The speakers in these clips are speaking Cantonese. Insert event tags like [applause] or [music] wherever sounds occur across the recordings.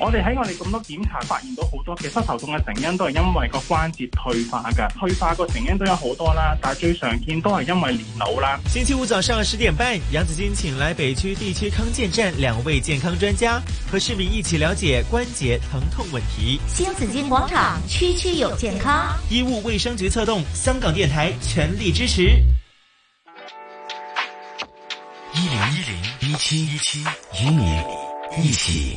我哋喺我哋咁多檢查發現到好多，其實頭痛嘅成因都係因為個關節退化㗎，退化個成因都有好多啦，但係最常見都係因為年老啦。星期五早上十點半，楊子金請來北區地區康健站兩位健康專家，和市民一起了解關節疼痛問題。新紫荊廣場區區有健康，醫務衛生局策動，香港電台全力支持。一零一零一七一七與你一起。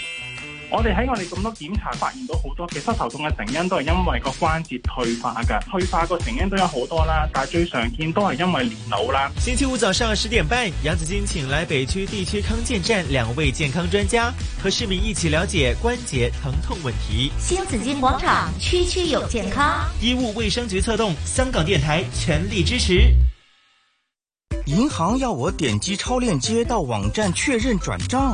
我哋喺我哋咁多檢查發現到好多，其實頭痛嘅成因都係因為個關節退化㗎，退化個成因都有好多啦，但係最常見都係因為年老啦。星期五早上十點半，楊子金請來北區地區康健站兩位健康專家，和市民一起了解關節疼痛問題。新子金廣場區區有健康，醫務衛生局策動，香港電台全力支持。銀行要我點擊超鏈接到網站確認轉帳。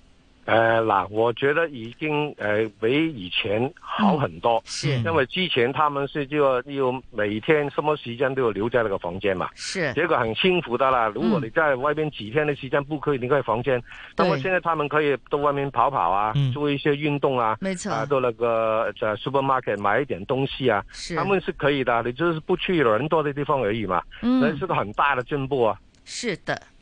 呃，嗱，我覺得已經呃比以前好很多，嗯、是，因為之前他們是就要每天什麼時間都要留在那個房間嘛，是，結果很幸福的啦。如果你在外邊幾天的時間不可以離開房間，嗯、那麼現在他們可以到外面跑跑啊，嗯、做一些運動啊，沒錯。啊，到那個在 supermarket 買一點東西啊，是，他們是可以的。你就是不去人多的地方而已嘛，嗯。那是，是個很大的進步啊。是的。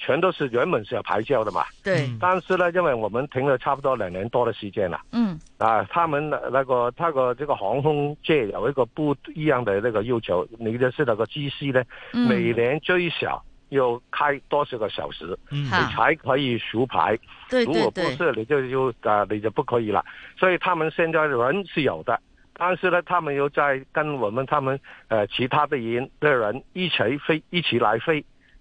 全都是原本是有牌照的嘛，對，但是呢，因為我們停了差不多兩年多的時間了。嗯，啊，他們那個，他個這個航空界有一個不一樣的那個要求，你就是那個機師呢，嗯、每年最少要開多少個小時，嗯、你才可以熟牌，哈如果不是，你就就啊，對對對你就不可以了。所以他們現在人是有的，但是呢，他們又在跟我們，他們，呃其他的人的人一起飛，一起來飛。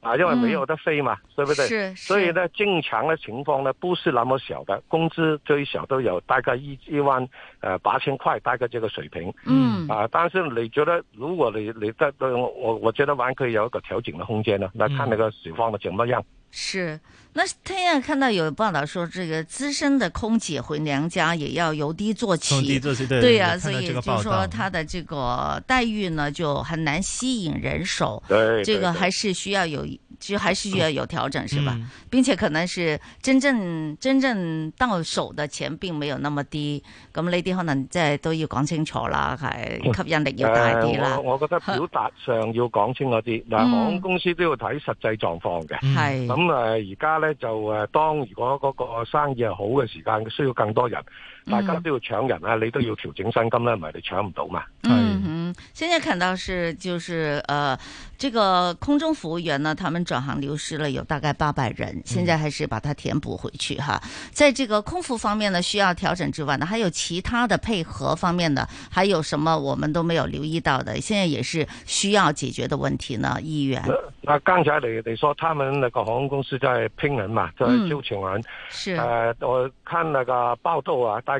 啊，因為沒有得飛嘛，嗯、對不對？是。是所以呢，正常的情況呢，不是那麼小的工資，最少都有大概一一萬，呃八千塊，大概這個水平。嗯。啊，但是你覺得，如果你你在，我，我覺得還可以有一個調整的空間呢。來看那個水放的怎麼樣。嗯、是。那天看到有報道說，這個資深的空姐回娘家也要由低做起，對啊，所以就說他的這個待遇呢就很難吸引人手，對，這個還是需要有，就還是需要有調整，是吧？並且可能是真正真正到手的錢並沒有那麼低，咁呢啲可能再都要講清楚啦，係吸引力要大啲啦。我覺得表達上要講清楚啲，但航空公司都要睇實際狀況嘅，係咁誒，而家。咧就誒，當如果嗰個生意係好嘅時間，需要更多人。大家都要搶人啊，嗯、你都要調整薪金呢，唔係你搶唔到嘛。嗯哼，現在看到是就是呃，這個空中服務員呢，他們轉行流失了有大概八百人，現在還是把它填補回去哈。嗯、在這個空服方面呢，需要調整之外呢，還有其他的配合方面呢，還有什麼我們都沒有留意到的，現在也是需要解決的問題呢，議員。那剛、呃、才你你說他們那個航空公司在拼人嘛，在、就是、招請人、嗯。是。呃，我看那個報道啊，大。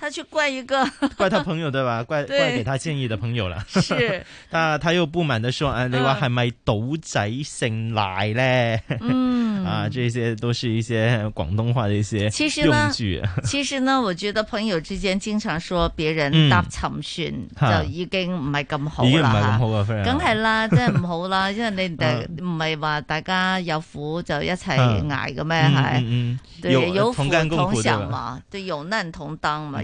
他去怪一個，怪他朋友對吧？怪怪給他建議的朋友了是，但係他又不滿地說：你話係咪賭仔姓賴？呢，嗯，啊，這些都是一些廣東話的一些用具。其實呢，我覺得朋友之間經常說別人搭沉船就已經唔係咁好啦。吓，梗係啦，真係唔好啦，因為你哋唔係話大家有苦就一齊捱嘅咩？係，對，有福同享嘛，同甘共苦嘛，對，有難同當嘛。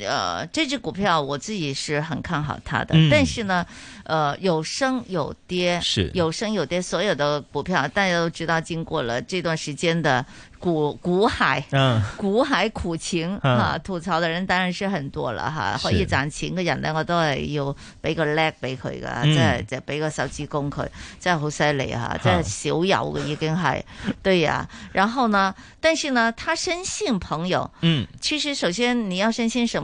呃，這隻股票我自己是很看好它的，嗯、但是呢，呃，有升有跌，是，有升有跌，所有的股票大家都知道，經過了這段時間的股股海，嗯、啊，股海苦情啊，吐槽的人當然是很多了哈。可以賺錢的人呢，我是都係要俾個叻俾佢噶，即係就俾個手指公佢，真係好犀利哈，即係少有嘅已經係。對呀、啊，然後呢，但是呢，他深信朋友，嗯，其實首先你要深信什麼？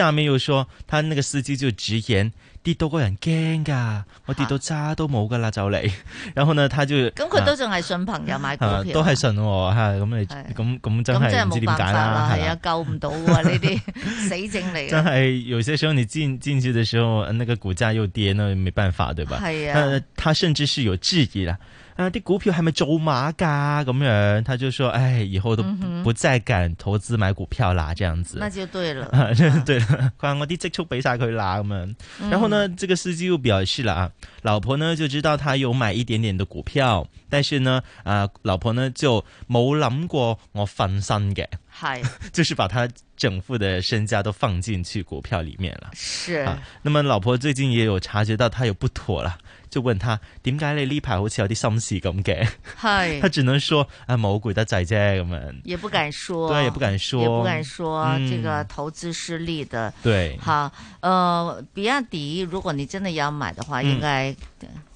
下面又說，他那個司機就直言跌到個人驚㗎，我跌到渣都冇㗎喇，就嚟。啊、然後呢，他就咁佢都仲係信朋友買股票、啊 [laughs] 啊，都係信吓咁你咁咁真係，唔知點解啦，係 [laughs] 啊救唔到啊呢啲死症嚟。 [laughs] 真係有些時候你進進去嘅時候，那個股價又跌，那沒辦法對吧？係啊，佢、啊、甚至是有質疑啦。啊，啲股票係咪做馬噶，咁樣，他就說，哎，以後都不、嗯、哼不再敢投資買股票啦，這樣子，那就對了，啊、 [laughs] 對了。啊、我啲積蓄，俾晒佢啦咁樣，然後呢，嗯、這個司機又表示啦，老婆呢就知道他有買一點點的股票，但是呢，啊，老婆呢就冇諗過我放身嘅，係嘿， [laughs] 就是把他整副的身家都放進去股票裏面了。是。啊，那麼老婆最近也有察覺到他有不妥了。就問他為什麼點解你呢排好似有啲心事咁嘅？係，他只能說啊冇攰得滯啫咁樣。也不敢說，對， [laughs] 也不敢說，也不敢說。嗯、這個投資失利的，對，好，呃，比亞迪如果你真的要買的話，嗯、應該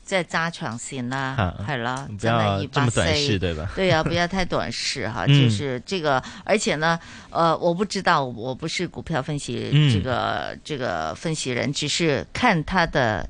再揸長線啦。嗯、好了，不要這麼短視 [laughs] 對吧？ [laughs] 對啊，不要太短視哈。就是這個，而且呢，呃，我不知道，我不是股票分析，這個、嗯、這個分析人，只是看他的。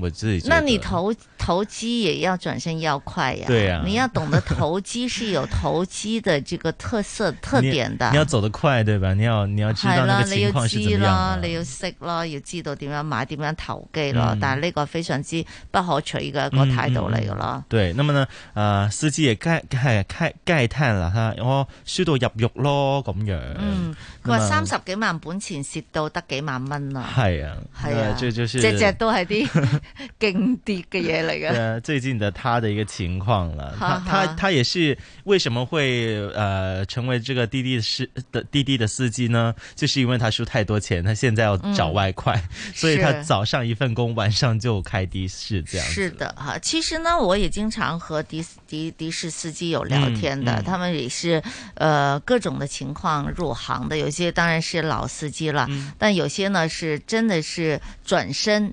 我自己。那你投投機也要轉身要快呀，你要懂得投機是有投機的這個特色特點的。你要走得快對吧？你要你要知道個情況是怎麼樣。係啦，你要知咯，你要識咯，要知道點樣買，點樣投機咯。但係呢個非常之不可取嘅一個態度嚟嘅咯。對，咁啊呢，啊司機亦皆係皆係聽啦吓，我輸到入獄咯咁樣。嗯，佢話三十幾萬本錢蝕到得幾萬蚊啦。係啊，係啊，隻隻都係啲。更跌嘅嘢嚟嘅， [laughs] 最近的他的一個情況了， [laughs] 他他他也是為什麼會呃成為這個滴滴的司的滴滴的司機呢？就是因為他輸太多錢，他現在要找外快，嗯、所以他早上一份工，是晚上就開的士，這樣。是的哈，其實呢，我也經常和的的的士司機有聊天的，嗯嗯、他們也是呃各種的情況入行的，有些當然是老司機了，嗯、但有些呢是真的是轉身。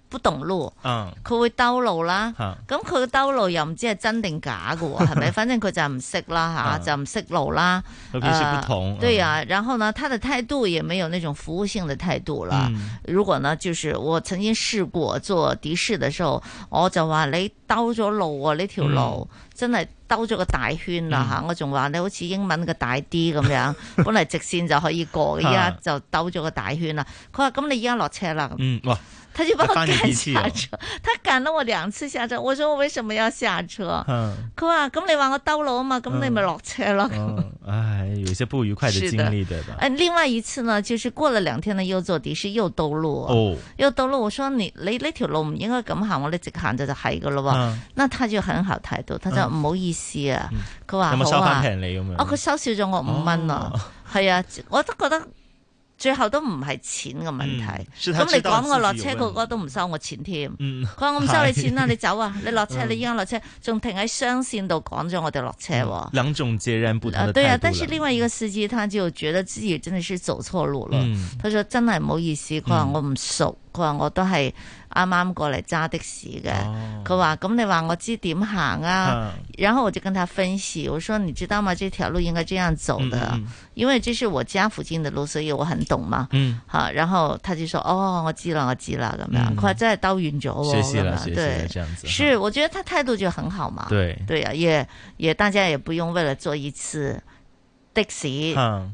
不懂路，佢會兜路啦。咁佢嘅兜路又唔知係真定假嘅，係咪？反正佢就唔識啦吓，就唔識路啦。和平時不同，對啊。然後呢，他嘅態度也沒有那種服務性嘅態度啦。如果呢，就是我曾經試過做的士嘅時候，我就話你兜咗路啊，呢條路真係兜咗個大圈啦吓。我仲話你好似英文嘅大 D 咁樣，本嚟，直綫就可以過，依家就兜咗個大圈啦。佢話咁你依家落車啦。嗯，哇。他就把我趕下車，他趕了我兩次下車，我說我為什麼要下車？佢話咁你話我兜路啊嘛，咁你咪落車咯。唉，有些不愉快的經歷對吧？誒，另外一次呢，就是過了兩天呢，又坐的士又兜路，又兜路。我說你你呢條路唔應該咁行，我哋直行就就係噶咯喎。那他就很好態度，他就唔好意思啊。佢話有冇收翻平呢？哦，佢收少咗我五蚊啊，係啊，我都覺得。最後都唔係錢嘅問題，咁、嗯、你趕我落車，個個、嗯、都唔收我錢添。佢話、嗯、我唔收你錢啦， [laughs] 你走啊，你落車，你依家落車，仲、嗯、停喺雙線度趕咗我哋落車、嗯。兩種截然不同啊，對啊，但是另外一個司機，他就覺得自己真的是走錯路啦。佢就、嗯、真係唔好意思，佢話我唔熟，佢話、嗯、我都係。啱啱過嚟揸的士嘅，佢話，咁你話我知點行啊，嗯、然後我就跟他分析，我說你知道嗎？這條路應該這樣走的，嗯嗯、因為這是我家附近的路，所以我很懂嘛，嗯、然後他就說哦，我知啦，我知啦，咁樣，佢話真係兜遠咗喎，對，這樣子哦、是，我覺得他態度就很好嘛，對，對啊，也也大家也不用為了做一次。的士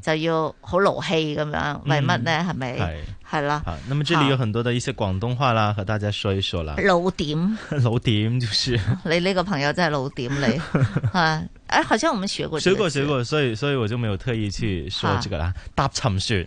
就要好勞氣咁樣，嗯、為乜呢？係咪、嗯？係對啦。咁啊，那麼這裏有很多的一些廣東話啦，和大家說一說啦。老、啊、點，老點就是。你呢個朋友真係老點你， [laughs] 啊，誒、哎，好像我們學過，學過學過，所以所以我就沒有特意去說這個啦。嗯、搭沉船。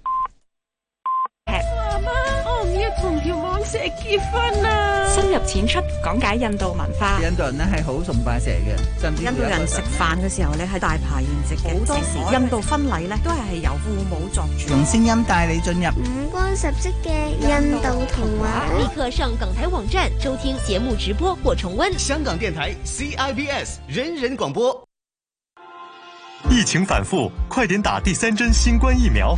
媽媽，我唔要同條蟒蛇結婚啊！深入淺出講解印度文化。印度人咧係好崇拜蛇嘅，甚至印度人食飯嘅時候咧係大排筵席嘅。好多時印度婚禮咧都係係由父母作主。用聲、嗯、音帶你進入五光、嗯、十色嘅印度童話。立刻上港台網站收聽節目直播或重溫。香港電台 CIBS 人人廣播。疫情反覆，快點打第三針新冠疫苗。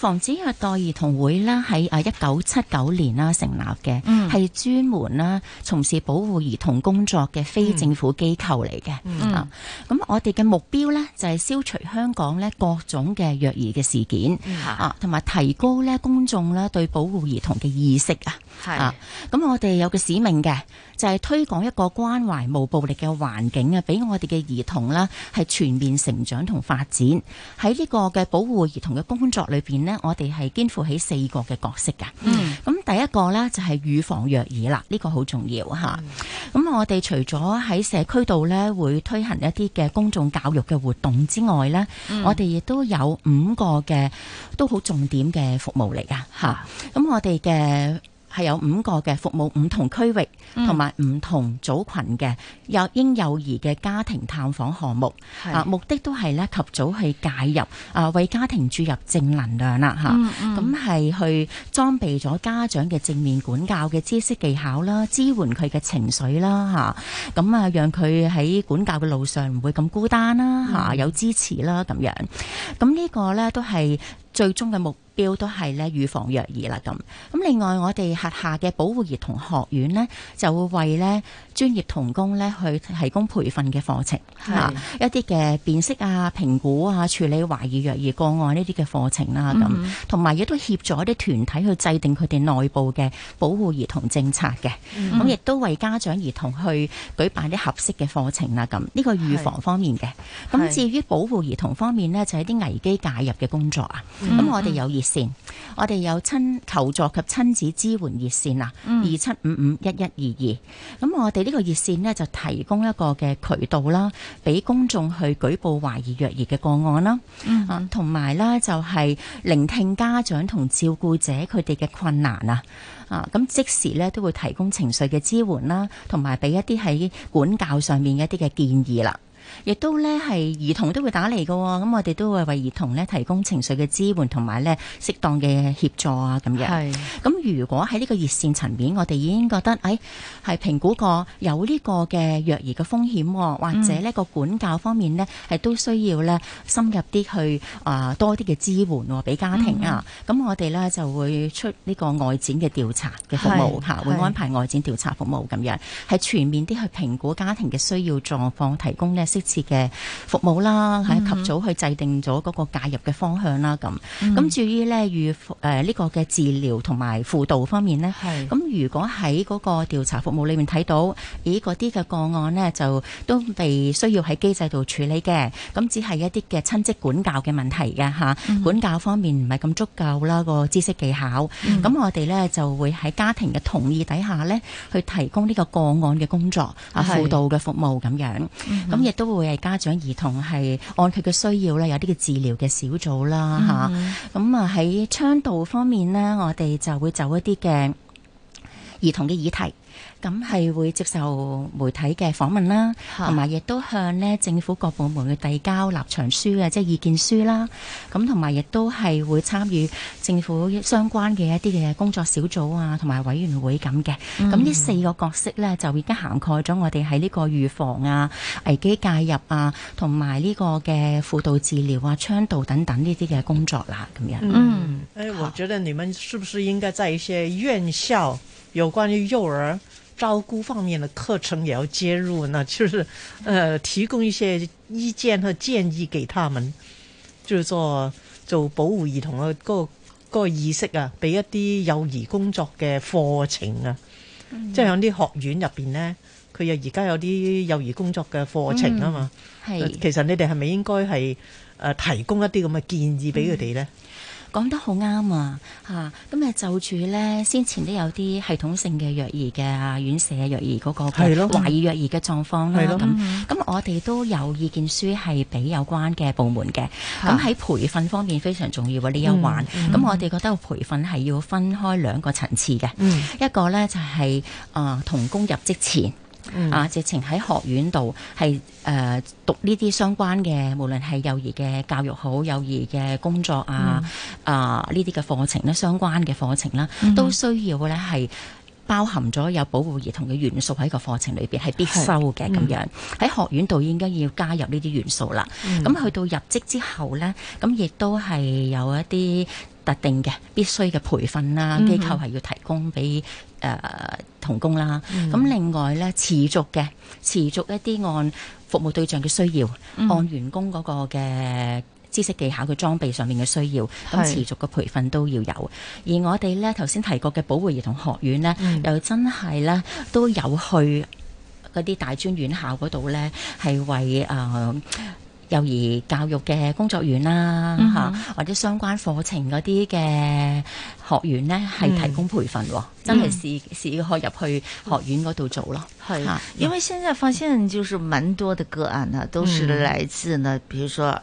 防止虐待兒童會啦喺啊一九七九年啦成立嘅，係專、嗯、門啦從事保護兒童工作嘅非政府機構嚟嘅。嗯嗯、啊，咁我哋嘅目標咧就係、是、消除香港咧各種嘅虐兒嘅事件、嗯嗯、啊，同埋提高咧公眾咧對保護兒童嘅意識是啊。啊，咁我哋有個使命嘅，就係、是、推廣一個關懷無暴力嘅環境啊，俾我哋嘅兒童啦，係全面成長同發展。喺呢個嘅保護兒童嘅工作裏邊咧。我哋係肩負起四個嘅角色噶，咁、嗯、第一個呢，就係預防虐兒啦，呢、呢個好重要吓。咁、嗯、我哋除咗喺社區度呢會推行一啲嘅公眾教育嘅活動之外呢，嗯、我哋亦都有五個嘅都好重點嘅服務嚟噶吓。咁我哋嘅。係有五個嘅服務，唔同區域同埋唔同組群嘅有嬰幼兒嘅家庭探訪項目，啊是目的都係咧及早去介入，啊為家庭注入正能量啦嚇，咁係、嗯嗯、去裝備咗家長嘅正面管教嘅知識技巧啦，支援佢嘅情緒啦嚇，咁啊讓佢喺管教嘅路上唔會咁孤單啦嚇，嗯、有支持啦咁樣，咁呢個咧都係最終嘅目。都係咧預防虐兒啦，咁咁另外我哋轄下嘅保護兒童學院咧就會為咧，專業同工咧去提供培訓嘅課程，吓是、啊、一啲嘅辨識啊、評估啊、處理懷疑虐兒個案呢啲嘅課程啦咁，同埋亦都協助一啲團體去制定佢哋內部嘅保護兒童政策嘅，咁亦、嗯嗯啊、都為家長兒童去舉辦啲合適嘅課程啦咁。呢、啊這個預防方面嘅，咁是至於保護兒童方面咧，就係、是、啲危機介入嘅工作啊。咁、嗯嗯嗯、我哋有熱線，我哋有親求助及親子支援熱線啊，二七五五一一二二。咁、嗯、我哋呢個熱線呢，就提供一個嘅渠道啦，俾公眾去舉報懷疑虐兒嘅個案啦，嗯，同埋啦，就係聆聽家長同照顧者佢哋嘅困難啊，啊，咁即時咧都會提供情緒嘅支援啦，同埋俾一啲喺管教上面一啲嘅建議啦。亦都咧係兒童都會打嚟㗎，咁我哋都會為兒童咧提供情緒嘅支援同埋咧適當嘅協助啊咁樣。係是。咁如果喺呢個熱線層面，我哋已經覺得，哎係評估過有呢個嘅虐兒嘅風險，或者呢個管教方面呢，係、嗯、都需要咧深入啲去啊多啲嘅支援俾家庭啊。咁、嗯、我哋咧就會出呢個外展嘅調查嘅服務嚇，會安排外展調查服務咁樣，係全面啲去評估家庭嘅需要的狀況，提供呢，適切嘅服務啦，喺及早去制定咗嗰個介入嘅方向啦，咁咁、mm hmm. 至於呢，預誒呢個嘅治療同埋輔導方面咧，咁是如果喺嗰個調查服務裏面睇到，咦嗰啲嘅個案呢，就都未需要喺機制度處理嘅，咁只係一啲嘅親職管教嘅問題嘅嚇，mm hmm. 管教方面唔係咁足夠啦，個知識技巧，咁、mm hmm. 我哋呢就會喺家庭嘅同意底下呢，去提供呢個個案嘅工作啊是輔導嘅服務咁樣，咁亦、mm。Hmm. 都會係家長、兒童係按佢嘅需要咧，有啲嘅治療嘅小組啦嚇。咁、嗯、啊喺倡導方面咧，我哋就會就一啲嘅兒童嘅議題。咁係會接受媒體嘅訪問啦，同埋亦都向呢政府各部門去遞交立場書，即係意見書啦。咁同埋亦都係會參與政府相關嘅一啲嘅工作小組啊，同埋委員會咁嘅。咁呢、嗯、四個角色咧，就已經涵蓋咗我哋喺呢個預防啊、危機介入啊，同埋呢個嘅輔導治療啊、倡導等等呢啲嘅工作啦。咁樣嗯，誒好，我覺得你們是不是應該在一些院校有關於幼兒照顧方面嘅課程也要接入，那就是，呃，提供一些意見和建議給他們，就做、是、做保護兒童嘅嗰、嗰個、嗰個意識啊，俾一啲幼兒工作嘅課程啊，嗯、即係響啲學院入邊呢，佢又而家有啲幼兒工作嘅課程啊嘛，係、嗯，其實你哋係咪應該係，誒、呃，提供一啲咁嘅建議俾佢哋呢？嗯講得好啱啊！咁、啊、就住咧，先前都有啲系統性嘅虐兒嘅院舍虐兒，嗰個懷疑虐兒嘅狀況啦。咁咁，我哋都有意見書係俾有關嘅部門嘅。咁喺的培訓方面非常重要嘅呢一環。咁、嗯嗯、我哋覺得培訓係要分開兩個層次嘅。嗯、一個咧就係、是、誒、呃、同工入職前。嗯、啊！直情喺學院度係誒讀呢啲相關嘅，無論係幼兒嘅教育好，幼兒嘅工作啊、嗯、啊呢啲嘅課程啦，相關嘅課程啦，都需要咧係包含咗有保護兒童嘅元素喺個課程裏邊係必修嘅咁樣。喺、嗯、學院度應該要加入呢啲元素啦。咁、嗯、去到入職之後咧，咁亦都係有一啲特定嘅必須嘅培訓啦，嗯、哼機構係要提供俾誒。呃同工啦，咁另外呢，持續嘅持續一啲按服務對象嘅需要，按員工嗰個嘅知識技巧嘅裝備上面嘅需要，咁持續嘅培訓都要有。而我哋呢頭先提過嘅保護兒童學院呢，又真係呢都有去嗰啲大專院校嗰度呢，係為啊。呃幼兒教育嘅工作員啦、啊，嚇、嗯、哼或者相關課程嗰啲嘅學員咧，係、嗯、提供培訓、哦，嗯、真係試試學入去學院嗰度做咯。係、嗯，是因為現在發現就是蠻多嘅個案啊，都是來自呢，譬、嗯、如說。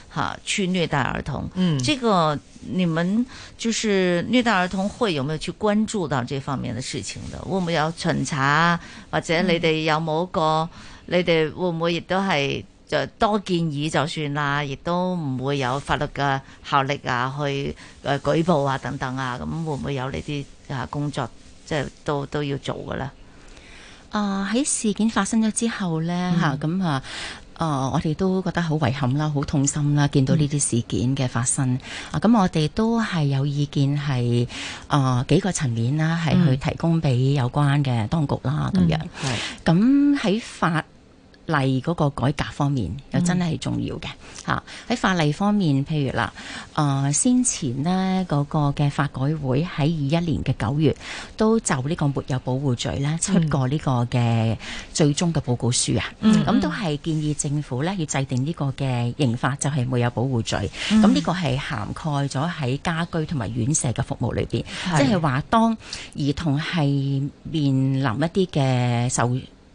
吓，去虐待兒童，嗯，這個你們就是虐待兒童會有沒有去關注到這方面的事情的？會唔會有巡查，或者你哋有冇一個，嗯、你哋會唔會亦都係就多建議就算啦，亦都唔會有法律嘅效力啊，去誒舉報啊等等啊，咁會唔會有呢啲啊工作，即係都都要做嘅咧？啊、呃，喺事件發生咗之後咧，吓咁、嗯、啊。啊、呃！我哋都覺得好遺憾啦，好痛心啦，見到呢啲事件嘅發生，嗯、啊！咁我哋都係有意見係啊、呃、幾個層面啦，係去提供俾有關嘅當局啦咁樣。係咁喺法例嗰個改革方面又真係重要嘅吓。喺法例方面，譬如啦，誒、呃、先前咧嗰、那個嘅法改會喺二一年嘅九月都就呢個沒有保護罪咧出過呢個嘅最終嘅報告書啊，咁、嗯、都係建議政府咧要制定呢個嘅刑法，就係沒有保護罪，咁呢、嗯、個係涵蓋咗喺家居同埋院舍嘅服務裏邊，即係話當兒童係面臨一啲嘅受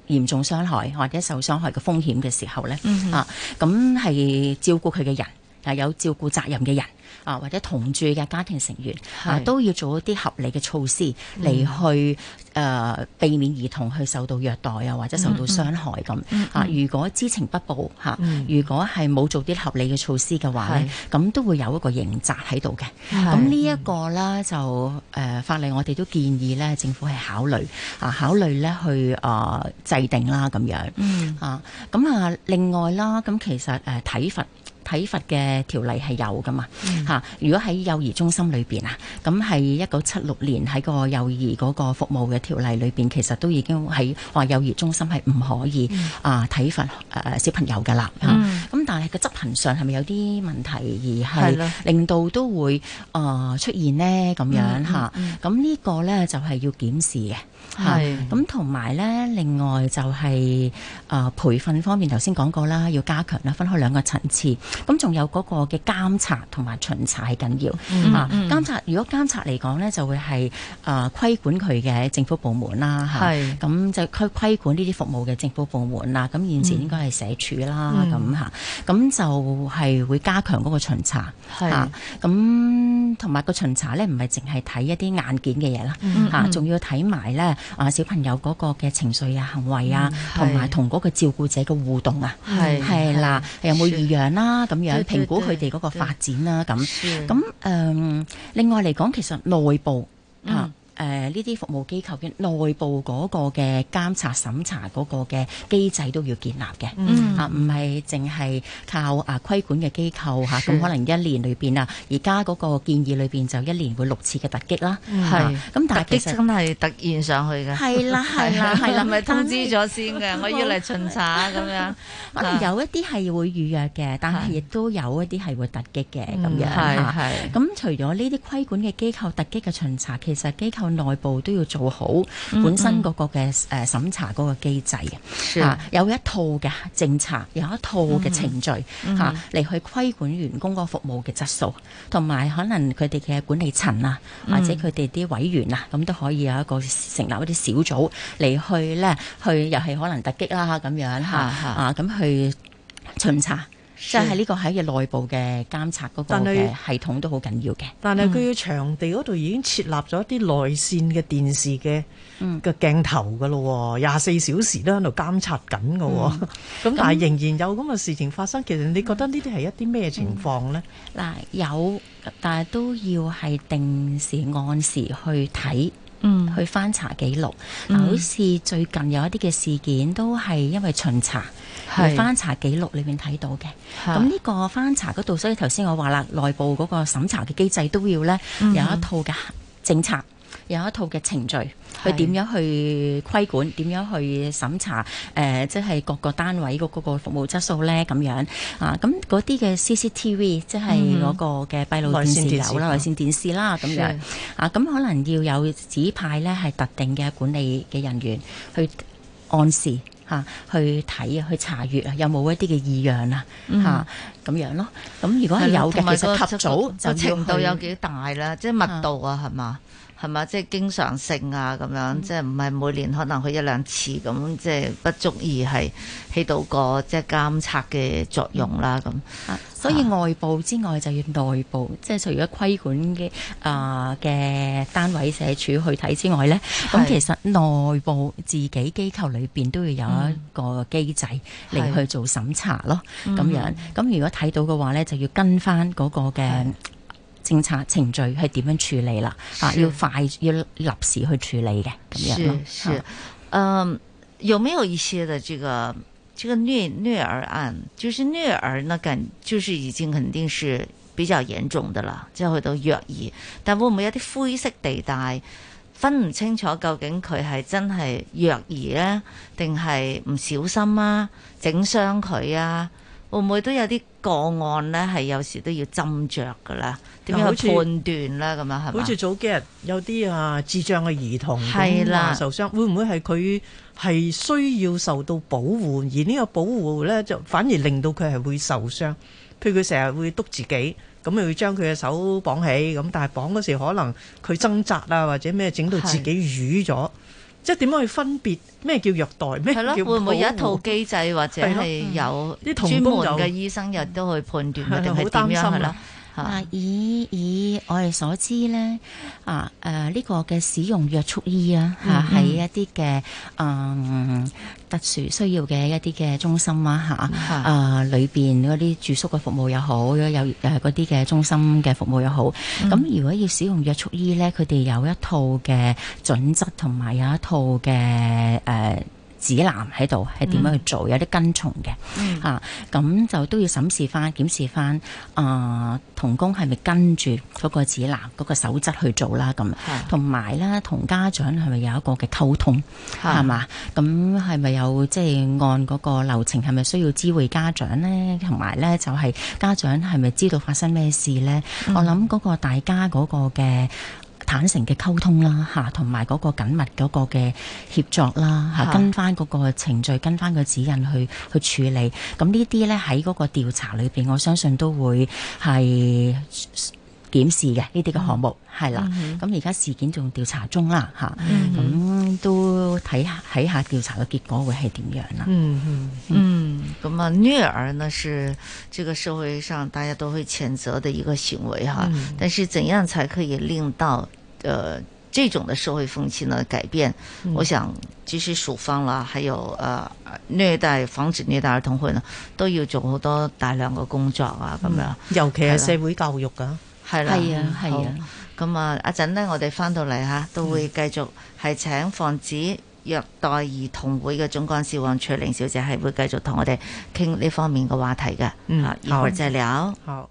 嚴重傷害或者受傷害嘅風險嘅時候呢，嗯、哼啊，咁係照顧佢嘅人，有照顧責任嘅人，啊，或者同住嘅家庭成員啊，是都要做一啲合理嘅措施嚟、嗯、去誒、呃、避免兒童去受到虐待啊，或者受到傷害咁、嗯嗯嗯、啊。如果知情不報，嚇、啊，嗯、如果係冇做啲合理嘅措施嘅話，咧是，咁都會有一個刑責喺度嘅。咁是呢一個咧就誒、呃、法例，我哋都建議咧政府係考慮啊，考慮咧去啊、呃、制定啦咁樣、嗯、啊。咁啊，另外啦，咁其實誒體、呃、罰。體罰嘅條例係有噶嘛？嗯、如果喺幼兒中心裏邊啊，咁係一九七六年喺個幼兒嗰個服務嘅條例裏邊，其實都已經喺話幼兒中心係唔可以，嗯、啊體罰誒小朋友噶啦嚇，咁但係個執行上係咪有啲問題而係令到都會、呃、出現呢咁樣嚇？咁呢、嗯嗯嗯啊、個呢，就係、是、要檢視嘅。係咁，同埋咧，另外就係、是、誒、呃、培訓方面，頭先講過啦，要加強啦，分開兩個層次。咁仲有嗰個嘅監察同埋巡查係緊要嚇、嗯嗯啊。監察如果監察嚟講咧，就會係誒、呃、規管佢嘅政府部門啦嚇。係、啊、咁是就佢規管呢啲服務嘅政府部門啦。咁、啊、現時應該係社署啦咁嚇。咁、嗯啊、就係會加強嗰個巡查嚇。咁同埋個巡查咧，唔係淨係睇一啲硬件嘅嘢啦嚇，仲、嗯嗯啊、要睇埋咧。啊！小朋友嗰個嘅情緒啊、行為啊，同埋同嗰個照顧者嘅互動啊，係、嗯、啦，是有冇異樣啦、啊。咁是樣評估佢哋嗰個發展啦、啊，咁咁誒。另外嚟講，其實內部嚇。嗯誒呢啲服務機構嘅內部嗰個嘅監察審查嗰個嘅機制都要建立嘅，啊唔係淨係靠啊規管嘅機構嚇，咁可能一年裏邊啊，而家嗰個建議裏邊就一年會六次嘅突擊啦，係，咁突擊真係突現上去嘅，係啦係啦係啦，咪通知咗先嘅，我要嚟巡查咁樣，可能有一啲係會預約嘅，但係亦都有一啲係會突擊嘅咁樣係，咁除咗呢啲規管嘅機構突擊嘅巡查，其實機構內部都要做好本身嗰個嘅誒審查嗰個機制、mm hmm. 啊，有一套嘅政策，有一套嘅程序吓嚟、mm hmm. 啊、去規管員工個服務嘅質素，同埋可能佢哋嘅管理層啊，或者佢哋啲委員啊，咁、啊、都可以有一個成立一啲小組嚟去咧去又係可能突擊啦咁樣吓吓，咁、啊啊啊、去巡查。就係呢個喺嘅內部嘅監察嗰個系統都好緊要嘅。但係佢嘅場地嗰度已經設立咗一啲內線嘅電視嘅嘅、嗯、鏡頭噶咯，廿四小時都喺度監察緊嘅。咁、嗯、但係仍然有咁嘅事情發生，嗯、其實你覺得呢啲係一啲咩情況咧？嗱、嗯嗯，有，但係都要係定時按時去睇。嗯，去翻查記錄，嗱、嗯，好似最近有一啲嘅事件都係因為巡查、是翻查記錄裏面睇到嘅。咁呢是個翻查嗰度，所以頭先我話啦，內部嗰個審查嘅機制都要咧有一套嘅政策。嗯有一套嘅程序，佢點樣去規管？點樣去審查？誒、呃，即係各個單位嗰嗰個服務質素咧咁樣啊？咁嗰啲嘅 CCTV，即係嗰個嘅閉路電視啦、有、嗯、線電視啦咁樣啊？咁、啊、可能要有指派咧，係特定嘅管理嘅人員去按時嚇、啊、去睇、去查閱，有冇一啲嘅異樣、嗯、啊？嚇咁樣咯。咁如果係有嘅，有個其實及早就，就程度有幾大啦，即係密度啊，係嘛、啊？是係嘛？即係經常性啊，咁樣、嗯、即係唔係每年可能去一兩次咁，即係不足以係起到個即係監察嘅作用啦。咁、啊，所以外部之外就要內部，即係除咗規管嘅啊嘅單位社署去睇之外咧，咁是其實內部自己機構裏邊都要有一個機制嚟去做審查咯。咁是樣咁、嗯、如果睇到嘅話咧，就要跟翻嗰個嘅。政策程序係點樣處理啦？係啊，要快要立時去處理嘅咁樣、啊、嗯，有沒有一些的這個這個虐虐兒案，就是虐兒呢，那肯就是已經肯定是比較嚴重噶啦，即係去到虐兒。但會唔會有啲灰色地帶，分唔清楚究竟佢係真係虐兒咧，定係唔小心啊整傷佢啊？會唔會都有啲個案咧？係有時都要斟酌噶啦。點樣去判斷啦？咁樣係咪？好似吧早幾日有啲啊智障嘅兒童咁啊受傷，的會唔會係佢係需要受到保護，而呢個保護咧就反而令到佢係會受傷？譬如佢成日會督自己，咁咪要將佢嘅手綁起，咁但係綁嗰時候可能佢掙扎啊或者咩，整到自己瘀咗。的即係點樣去分別咩叫虐待，咩叫保護？會唔會有一套機制或者係有啲專門嘅醫生亦的都去判斷嘅？哋好擔心、啊。啦？嗱好，以以我哋所知咧，啊誒呢、呃這個嘅使用約束衣啊，嚇係、嗯嗯、一啲嘅誒特殊需要嘅一啲嘅中心啊，嚇啊裏邊嗰啲住宿嘅服務又好，有又係嗰啲嘅中心嘅服務又好。咁如果要使用約束衣咧，佢哋有一套嘅準則，同埋有一套嘅誒。呃指南喺度係點樣去做，嗯、有啲跟從嘅嚇，咁、嗯啊、就都要審視翻、檢視翻啊，童、呃、工係咪跟住嗰個指南、嗰、嗰個守則去做啦？咁同埋咧，同的家長係咪有一個嘅溝通係嘛？咁係咪有即係、就係、按嗰個流程係咪需要知會家長咧？同埋咧就係、係、家長係咪知道發生咩事咧？嗯、我諗嗰個大家嗰個嘅。坦誠嘅溝通啦嚇，同埋嗰個緊密嗰個嘅協作啦嚇，是的 跟翻嗰個程序，跟翻個指引去去處理。咁呢啲咧喺嗰個調查裏邊，我相信都會係。檢視嘅呢啲嘅項目係啦，咁而家事件仲調查中啦吓，咁都睇睇下調查嘅結果會係點樣啦。嗯嗯嗯，咁啊虐兒呢是，這個社會上大家都會譴責的一個行為哈，但是怎樣才可以令到，誒，這種的社會風氣呢改變？我想，即使署方啦，還有誒虐待防止虐待兒童會呢，都要做好多大量嘅工作啊，咁樣，尤其係社會教育噶。係啦，好咁啊！一陣咧，我哋翻到嚟吓，都會繼續係請防止虐待兒童會嘅總幹事黃翠玲小姐，係會繼續同我哋傾呢方面嘅話題嘅。嗯，好，再聊。好。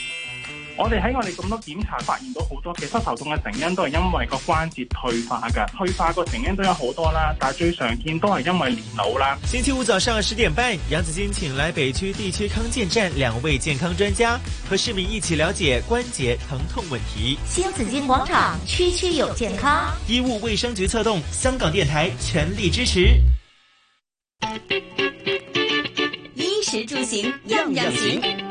我哋喺我哋咁多檢查發現到好多，其實膝頭痛嘅成因都係因為個關節退化嘅，退化個成因都有好多啦，但係最常見都係因為年老啦。星期五早上十點半，楊紫晶請來北區地區康健站兩位健康專家，和市民一起了解關節疼痛問題。星紫晶廣場區區有健康，醫務衛生局策動，香港電台全力支持。衣食住行樣樣行。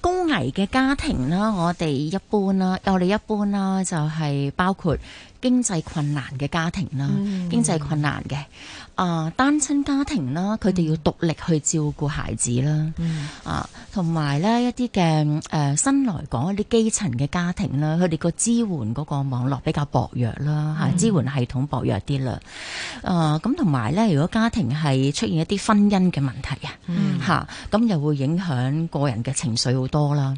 高危嘅家庭啦，我哋一般啦，我哋一般啦，就係包括經濟困難嘅家庭啦，嗯、經濟困難嘅啊，單親、呃、家庭啦，佢哋要獨立去照顧孩子啦，啊，同埋咧一啲嘅誒新來港一啲基層嘅家庭啦，佢哋個支援嗰個網絡比較薄弱啦，吓、嗯、支援系統薄弱啲啦，啊，咁同埋咧，如果家庭係出現一啲婚姻嘅問題、嗯、啊，吓，咁又會影響個人嘅情緒。好。多啦，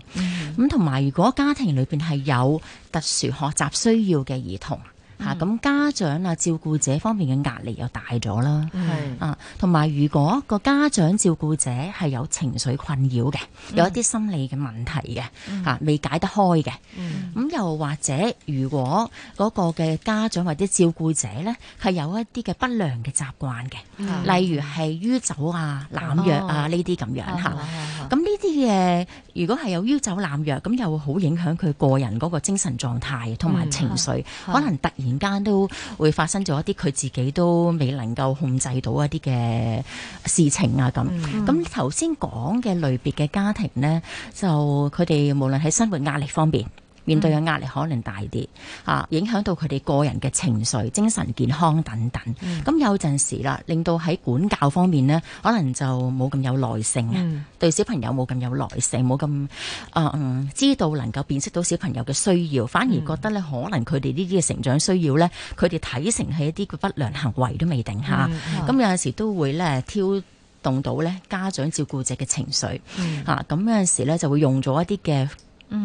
咁同埋如果家庭裏邊係有特殊學習需要嘅兒童。嚇，咁家長啊，照顧者方面嘅壓力又大咗啦，啊同埋如果個家長照顧者係有情緒困擾嘅，有一啲心理嘅問題嘅嚇未解得開嘅，咁又或者如果嗰個嘅家長或者照顧者咧係有一啲嘅不良嘅習慣嘅，例如係酗酒啊、濫藥啊，呢啲咁樣嚇，咁呢啲嘅如果係有酗酒濫藥，咁又會好影響佢個人嗰個精神狀態同埋情緒，可能突然。突然間都會發生咗一啲佢自己都未能夠控制到一啲嘅事情啊！咁咁頭先講嘅類別嘅家庭呢，就佢哋無論喺生活壓力方面。面對嘅壓力可能大啲啊，影響到佢哋個人嘅情緒、精神健康等等。咁、嗯、有陣時啦，令到喺管教方面呢，可能就冇咁有，有耐性啊，嗯、對小朋友冇咁有，有耐性，冇咁啊嗯，知道能夠辨識到小朋友嘅需要，反而覺得咧，可能佢哋呢啲嘅成長需要咧，佢哋睇成係一啲嘅不良行為都未定嚇。咁、嗯嗯、有陣時都會咧挑動到咧家長照顧者嘅情緒啊。咁、嗯、有陣時咧就會用咗一啲嘅。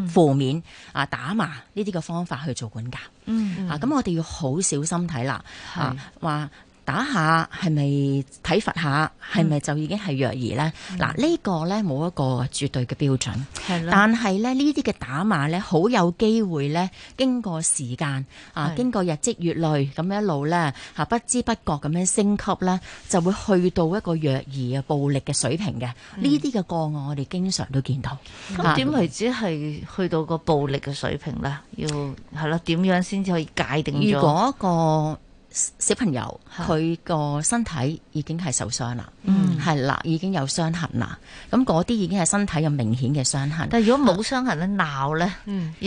負面啊，打罵呢啲嘅方法去做管教，嗯嗯啊，咁我哋要好小心睇啦，吓話打下係咪體罰下係咪、嗯、就已經係虐兒呢？嗱呢、嗯、個呢，冇一個絕對嘅標準，是的但係咧呢啲嘅打罵呢，好有機會呢，經過時間啊的經過日積月累咁一路呢，嚇不知不覺咁樣升級呢，就會去到一個虐兒嘅暴力嘅水平。嘅呢啲嘅個案我哋經常都見到，咁點為止係去到個暴力嘅水平呢？要係啦，點樣先至可以界定？如果一個小朋友佢個身體。已經係受傷啦，係啦，已經有傷痕啦。咁嗰啲已經係身體有明顯嘅傷痕。但如果冇傷痕咧，鬧咧，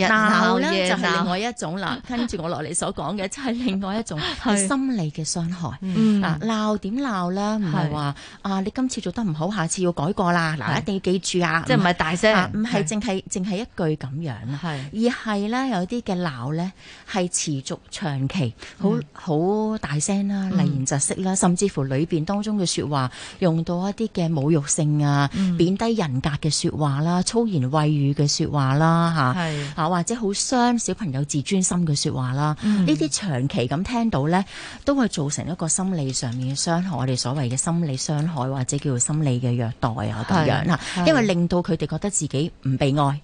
鬧咧就係另外一種啦。跟住我落嚟所講嘅，就係另外一種心理嘅傷害。鬧點鬧啦？唔係話啊，你今次做得唔好，下次要改過啦。嗱，一定要記住啊！即係唔係大聲？唔係淨係淨係一句咁樣，而係咧有啲嘅鬧咧係持續長期，好好大聲啦，疾言厲色啦，甚至乎裏邊。當中嘅說話，用到一啲嘅侮辱性啊、貶、嗯、低人格嘅說話啦、啊、粗言穢語嘅說話啦、啊，吓吓是或者好傷小朋友自尊心嘅說話啦、啊，呢啲、嗯、長期咁聽到咧，都會造成一個心理上面嘅傷害，我哋所謂嘅心理傷害或者叫做心理嘅虐待啊咁是樣啦、啊，因為令到佢哋覺得自己唔被愛，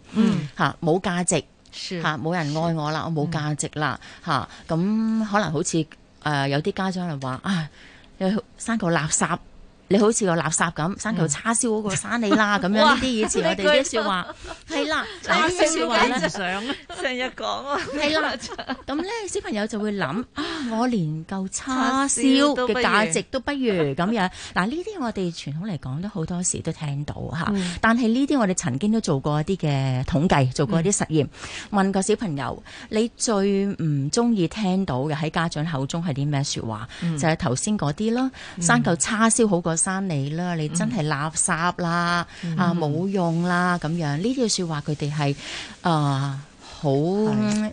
吓冇價值，吓冇是人愛我啦，是我冇價值啦，吓咁、嗯啊、可能好似誒、呃、有啲家長就話啊。又生個垃圾。你好似個垃圾咁，生嚿叉燒好過生你啦，咁樣呢啲以前我哋啲説話，係啦，叉燒睇唔上，成日講啊，係啦，咁咧小朋友就會諗啊，我連嚿叉燒嘅價值都不如咁樣。嗱呢啲我哋傳統嚟講都好多時都聽到嚇，但係呢啲我哋曾經都做過一啲嘅統計，做過一啲實驗，問過小朋友你最唔中意聽到嘅喺家長口中係啲咩説話，就係頭先嗰啲啦，生嚿叉燒好過。生你啦！你真係垃圾啦！嗯、啊，冇用啦！咁樣呢啲説話佢哋係，佢哋係啊。好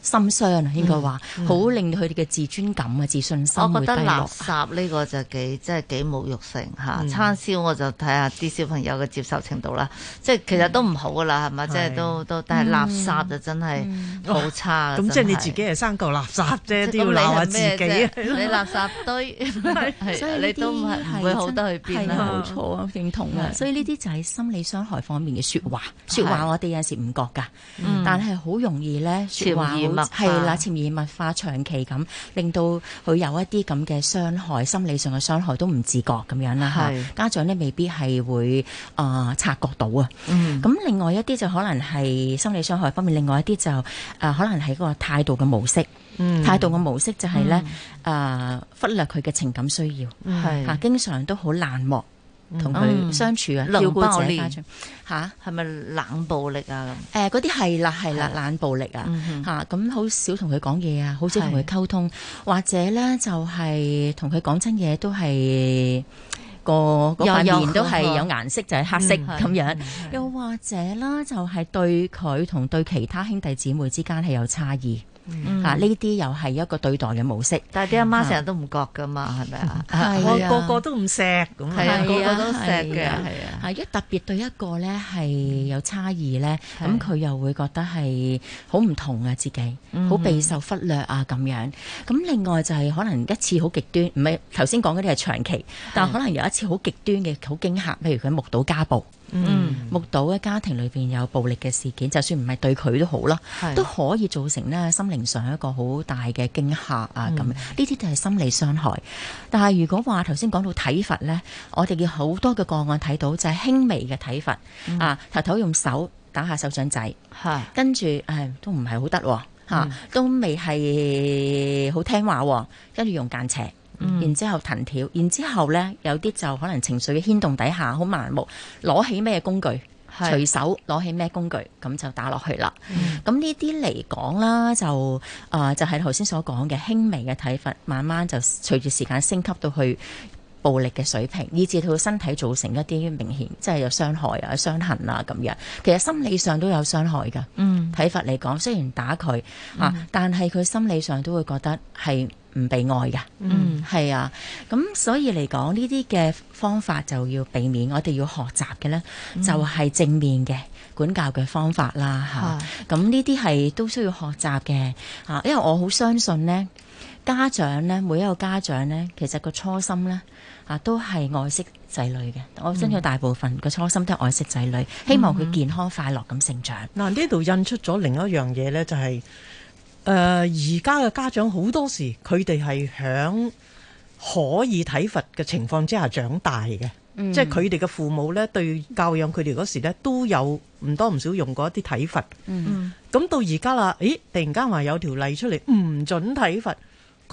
心傷啊，應該話好令佢哋嘅自尊感啊、自信心會低落。我覺得垃圾呢個就幾即係幾侮辱性嚇，叉燒我就睇下啲小朋友嘅接受程度啦。即係其實都唔好噶啦，係咪？即係都都，但係垃圾就真係好差。咁即係你自己係生舊垃圾啫，都要鬧自己。你垃圾堆，所以你都唔會好得去邊啊。冇錯啊，認同啊。所以呢啲就係心理傷害方面嘅説話，説話我哋有時唔覺㗎，但係好容易。咧説話潛移默化，長期咁，令到佢有一啲咁嘅傷害，心理上嘅傷害都唔自覺咁樣啦嚇。是家長咧未必係會啊、呃、察覺到啊。嗯。咁另外一啲就可能係心理傷害方面，另外一啲就誒、呃、可能係嗰個態度嘅模式。嗯。態度嘅模式就係咧誒忽略佢嘅情感需要。係是。嚇、啊，經常都好冷漠。同佢相處嘅、啊，冷暴力嚇，係咪、嗯、冷暴力啊？咁誒、啊，嗰啲係啦，係啦，是冷暴力啊嚇！咁好少同佢講嘢啊，好少同佢溝通，是或者咧就係同佢講真嘢都係個嗰塊面又都係有顏色，就係、是、黑色咁、嗯、樣。嗯、又或者啦，就係對佢同對其他兄弟姊妹之間係有差異。.嗱，呢啲又係一個對待嘅模式，但係啲阿媽成日都唔覺噶嘛，係咪啊？我個個都唔錫咁啊，個個都錫嘅，係啊，係一特別對一個咧係有差異咧，咁佢又會覺得係好唔同啊自己，好備受忽略啊咁樣。咁另外就係可能一次好極端，唔係頭先講嗰啲係長期，但係可能有一次好極端嘅好驚嚇，譬如佢目睹家暴。Mm. 嗯，目睹喺家庭裏邊有暴力嘅事件，就算唔係對佢都好啦，的都可以造成呢心靈上一個好大嘅驚嚇啊！咁，呢啲就係心理傷害。但係如果話頭先講到體罰呢，我哋要好多嘅個案睇到就係、是、輕微嘅體罰啊，頭頭用手打下手掌仔，的跟住誒、哎、都唔係好得吓，都未係好聽話，跟住用間尺。嗯、然之後藤條，然之後呢，有啲就可能情緒嘅牽動底下，好盲目攞起咩工具，隨是手攞起咩工具，咁就打落去啦。咁呢啲嚟講啦，就、呃、就係頭先所講嘅輕微嘅體罰，慢慢就隨住時間升級到去暴力嘅水平，以至佢身體造成一啲明顯，即、就、係、是、有傷害啊、傷痕啊咁樣。其實心理上都有傷害噶。嗯。體罰嚟講，雖然打佢、嗯啊、但係佢心理上都會覺得係唔被愛嘅。嗯。係啊。咁所以嚟講，呢啲嘅方法就要避免。我哋要學習嘅咧，嗯、就係正面嘅管教嘅方法啦。嚇、啊。咁呢啲係都需要學習嘅、啊、因為我好相信咧，家長咧，每一個家長咧，其實個初心咧。啊，都係愛惜仔女嘅。我相信大部分個初心都係愛惜仔女，希望佢健康快樂咁成長。嗱，嗯，呢度，嗯、嗯嗯嗯，印出咗另一樣嘢呢，就係、是、誒，而家嘅家長好多時佢哋係響可以體罰嘅情況之下長大嘅，嗯、即係佢哋嘅父母呢，對教養佢哋嗰時呢，都有唔多唔少用過一啲體罰。嗯，咁到而家啦，誒，突然間話有條例出嚟唔准體罰。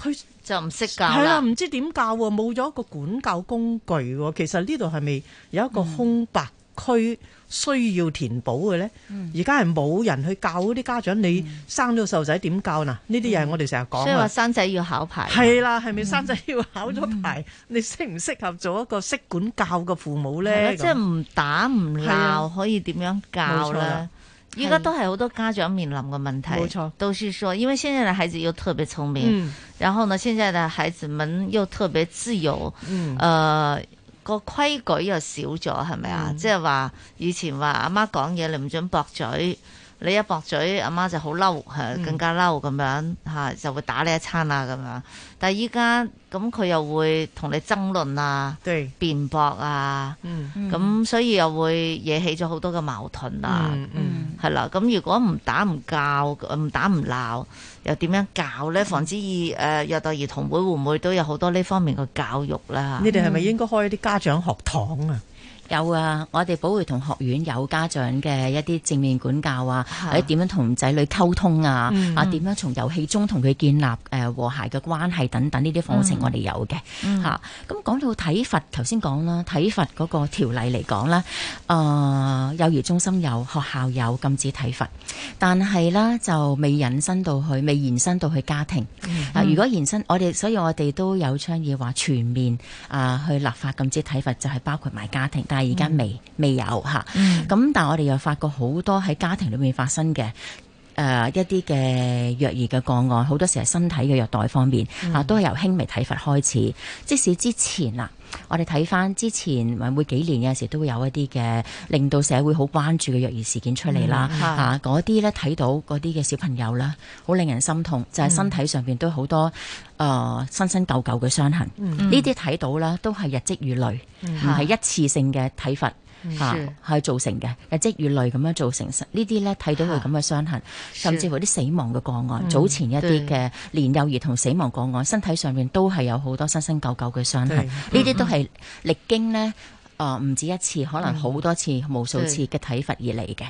佢他就唔識教，係啊，唔知點教喎、啊，冇咗一個管教工具喎、啊。其實呢度係咪有一個空白區需要填補嘅咧？而家係冇人去教啲家長，你生咗個細路仔點教嗱、啊？呢啲嘢係我哋成日講。所以話生仔要考牌。係啦、啊，係咪生仔要考咗牌？嗯、你適唔適合做一個識管教嘅父母咧？即係唔打唔鬧，啊、可以點樣教啦？而家都係好多家長面臨嘅問題，冇錯，都是說，因為現在嘅孩子又特別聰明，嗯、然後呢，現在的孩子們又特別自由，嗯，誒、呃，個規矩又少咗，係咪啊？嗯、即係話以前話阿媽講嘢，你唔准駁嘴。你一駁嘴，阿媽就好嬲，嚇更加嬲咁樣嚇，嗯、就會打你一餐啊咁樣。但係依家咁佢又會同你爭論啊，對 辯駁啊，咁、嗯嗯、所以又會惹起咗好多嘅矛盾啊，係啦、嗯嗯。咁如果唔打唔教，唔打唔鬧，又點樣教咧？防止意誒虐待兒童會，會唔會都有好多呢方面嘅教育咧？嗯、你哋係咪應該開一啲家長學堂啊？有啊，我哋保育同學院有家長嘅一啲正面管教啊，或者點樣同仔女溝通啊，啊點樣從遊戲中同佢建立誒和諧嘅關係等等，呢啲課程我哋有嘅吓。咁講到體罰頭先講啦，體罰嗰個條例嚟講啦，誒、呃，幼兒中心有，學校有禁止體罰，但係咧就未引申到去，未延伸到去家庭。啊、嗯嗯，如果延伸，我哋，所以我哋都有倡議話全面啊、呃、去立法禁止體罰就係、是、包括埋家庭，但係而家未未有吓，咁、嗯、但係我哋又發覺好多喺家庭裏面發生嘅。誒、呃、一啲嘅虐兒嘅個案，好多時係身體嘅虐待方面，啊都係由輕微體罰開始。嗯、即使之前啊，我哋睇翻之前，咪每幾年有陣時都會有一啲嘅令到社會好關注嘅虐兒事件出嚟啦。嗯、啊，嗰啲咧睇到嗰啲嘅小朋友啦，好令人心痛，就係、是、身體上邊都好多誒新新舊舊嘅傷痕。嗯、這些看呢啲睇到啦，都係日積月累，唔係、嗯、一次性嘅體罰。吓係造成嘅，日積月累咁樣造成呢啲咧睇到佢咁嘅傷痕，啊、甚至乎啲死亡嘅個案，嗯、早前一啲嘅年幼兒童死亡個案，對 身體上面都係有好多新新舊舊嘅傷痕，呢啲對都係歷經呢誒唔止一次，嗯、可能好多次，對 無數次嘅體罰而嚟嘅。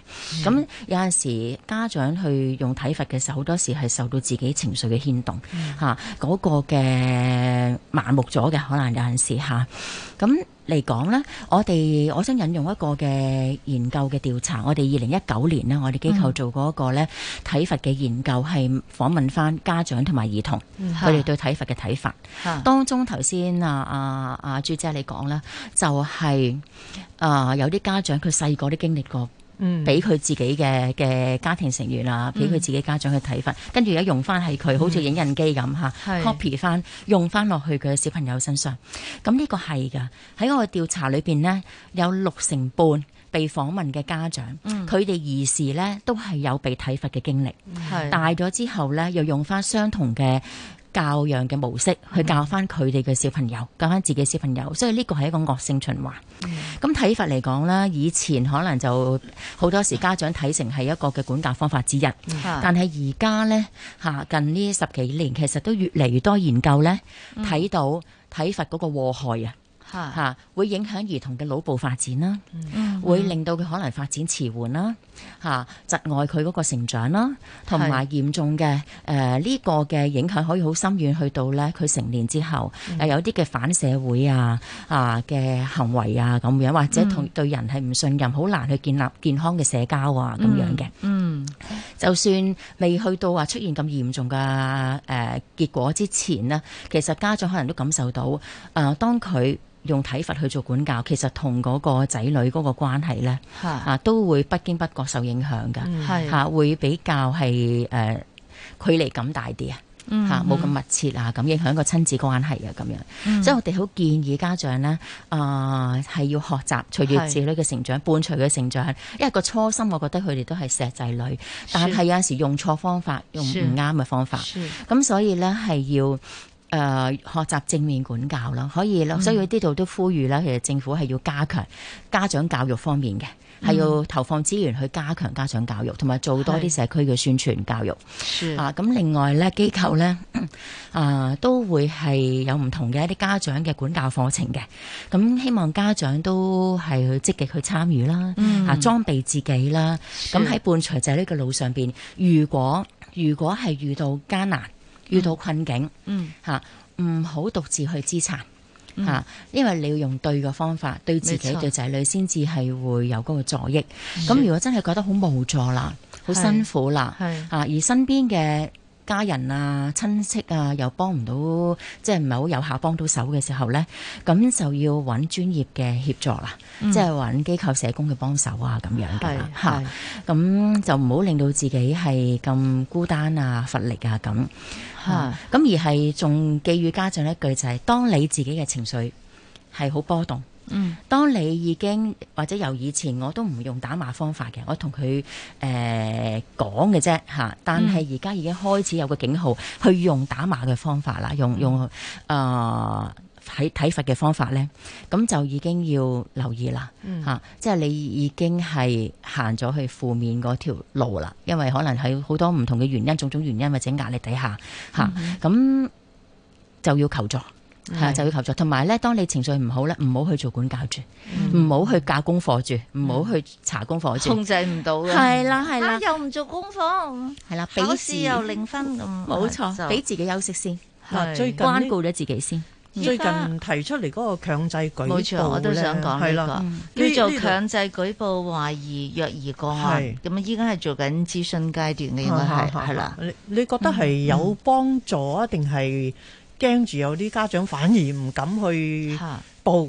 咁是有陣時家長去用體罰嘅時候，好多時係受到自己情緒嘅牽動吓，嗰、嗯啊那個嘅麻木咗嘅，可能有陣時吓咁。啊嚟講咧，我哋我想引用一個嘅研究嘅調查，我哋二零一九年呢，我哋機構做過一個呢體罰嘅研究，係訪、嗯、問翻家長同埋兒童，佢哋、嗯、對體罰嘅睇法。嗯、當中頭先啊啊阿朱姐你講啦，就係、是、啊有啲家長佢細個都經歷過。嗯，俾佢自己嘅嘅家庭成員啊，俾佢自己家長去體罰，跟住而家用翻係佢好似影印機咁吓 copy 翻用翻落去佢嘅小朋友身上。咁呢個係噶，喺我調查裏面呢，有六成半被訪問嘅家長，佢哋、嗯、兒時呢都係有被體罰嘅經歷，大咗是之後呢，又用翻相同嘅教養嘅模式去教翻佢哋嘅小朋友，教翻自己的小朋友，所以呢個係一個惡性循環。咁體罰嚟講呢，以前可能就好多時家長睇成係一個嘅管教方法之一，嗯、但係而家呢，嚇近呢十幾年，其實都越嚟越多研究呢，睇到體罰嗰個禍害啊嚇，會影響兒童嘅腦部發展啦，嗯、會令到佢可能發展遲緩啦。嚇，窒礙佢嗰個成長啦，同埋嚴重嘅誒呢個嘅影響可以好深遠去到咧，佢成年之後誒有啲嘅反社會啊啊嘅行為啊咁樣，或者同對人係唔信任，好難去建立健康嘅社交啊咁樣嘅、嗯。嗯，就算未去到話出現咁嚴重嘅誒結果之前呢，其實家長可能都感受到誒、呃、當佢用體罰去做管教，其實同嗰個仔女嗰個關係咧啊都會不經不覺。受影響噶，吓是、啊、會比較係誒、呃、距離感大啲、嗯、啊，吓冇咁密切啊，咁影響個親子關係啊，咁樣，嗯、所以我哋好建議家長咧啊係要學習，隨住子女嘅成長是伴隨佢成長，因為個初心我覺得佢哋都係錫仔女，是但係有陣時用錯方法，用唔啱嘅方法，咁所以咧係要誒、呃、學習正面管教咯，可以咯，所以呢度都呼籲咧，其實政府係要加強家長教育方面嘅。係要投放資源去加強家長教育，同埋做多啲社區嘅宣傳教育。是啊，咁另外咧機構咧啊都會係有唔同嘅一啲家長嘅管教課程嘅。咁、啊、希望家長都係去積極去參與啦，啊裝備自己啦。咁、啊、喺、啊是啊、伴隨仔呢個路上邊，如果如果係遇到艱難、遇到困境，嗯嚇，唔、嗯、好、啊、獨自去自殘。嚇！嗯、因為你要用對嘅方法對自己錯對仔女，先至係會有嗰個助益。咁、嗯、如果真係覺得好無助啦、好是辛苦啦，嚇，而身邊嘅家人啊、親戚啊又幫唔到，即係唔係好有效幫到手嘅時候咧，咁就要揾專業嘅協助啦，嗯、即係揾機構社工嘅幫手啊咁樣嘅嚇。咁就唔好令到自己係咁孤單啊、乏力啊咁。吓，咁、啊、而係仲寄予家長一句就係、是，當你自己嘅情緒係好波動，嗯，當你已經或者由以前我都唔用打罵方法嘅，我同佢誒講嘅啫，吓，但係而家已經開始有個警號，去用打罵嘅方法啦，用用誒。呃睇睇法嘅方法咧，咁就已經要留意啦，吓、嗯，即係你已經係行咗去負面嗰條路啦，因為可能係好多唔同嘅原因，種種原因或者壓力底下，吓、嗯，咁就要求助，吓、嗯啊，就要求助。同埋咧，當你情緒唔好咧，唔好去做管教住，唔好、嗯、去教功課住，唔好去查功課住、嗯，控制唔到嘅。係啦，係啦、啊，又唔做功課，係啦的，考試又零分咁，冇錯，俾就自己休息先，嗱的，最關顧咗自己先。最近提出嚟嗰個強制舉報，冇錯我都想講係、這個、啦，嗯、這叫做強制舉報懷疑虐兒個案咁啊，依家係做緊諮詢階段嘅，應該係係啦。你你覺得係有幫助啊，定係驚住有啲家長反而唔敢去報？